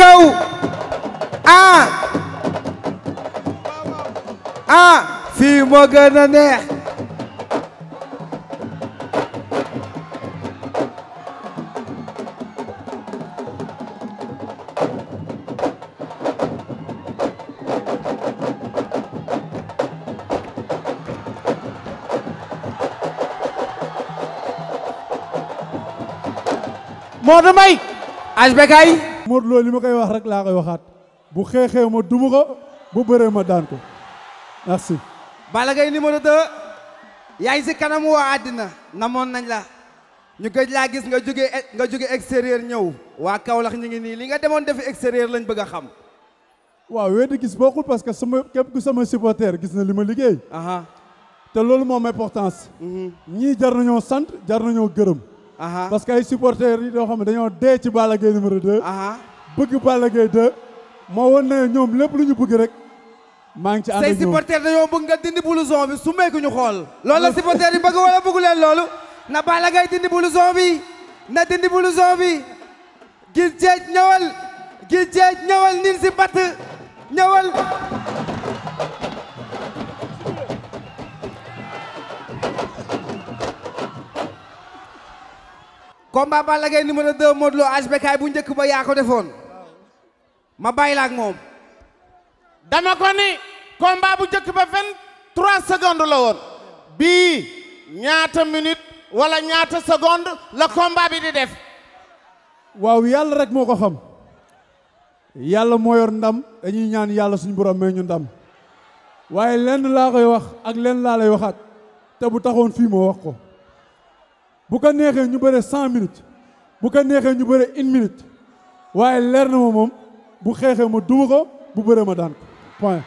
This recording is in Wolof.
A a a Fimoganané. Mordemai, Azbekai. Modou Lo li ma koy wax rek laa koy waxaat bu xeexee ma duma ko bu bëree ma dan ko merci. Balla Gaye numéro 2 yaay ci kanam wa adina namon nañ la ñu gëj la gis nga joggé nga joggé extérieur ñëw waa Kaolack ñu ngi ni li nga demone def extérieur lañ bëgg xam. wa weddi gis bokul parce que sama képp ku sama supporter gis na lima liggéey aha té lolu moom importance. Mhm. ñi jar nañu sant jar nañu gëreum parce que ay supporters yi doo xam ne dañoo dee ci Balla Gaye numéro 2. bëgg Balla Gaye 2. moo woon ne ñoom lépp lu ñu bëgg rek. maa ngi ci ànd ak ñoom say supporters dañoo bëgg nga dindi blouson bi su meeku ñu xool. loolu la supporters yi bëgg wala bëggu leen loolu. na Balla Gaye dindi blouson bi. na dindi blouson bi. gis jeej ñëwal. combat Balla Gaye numéro 2 Modou Lo HBK bu njëkk ba yaako ko defoon ma bàyyi la moom. dama ko ni bu njëkk ba 23 secondes la woon bii ñaata minute wala ñaata seconde la combat bi di def. waaw yàlla rek moo ko xam yàlla moo yor ndam dañuy ñaan yàlla suñu borom may ñu ndam waaye lenn laa koy wax ak lenn laa lay waxaat te bu taxoon fii moo wax ko. bu ko neexee ñu bëre cent minutes bu ko neexee ñu bëre une minute waaye leer na ma moom bu xeexee ma duma ko bu bëree ma daan ko point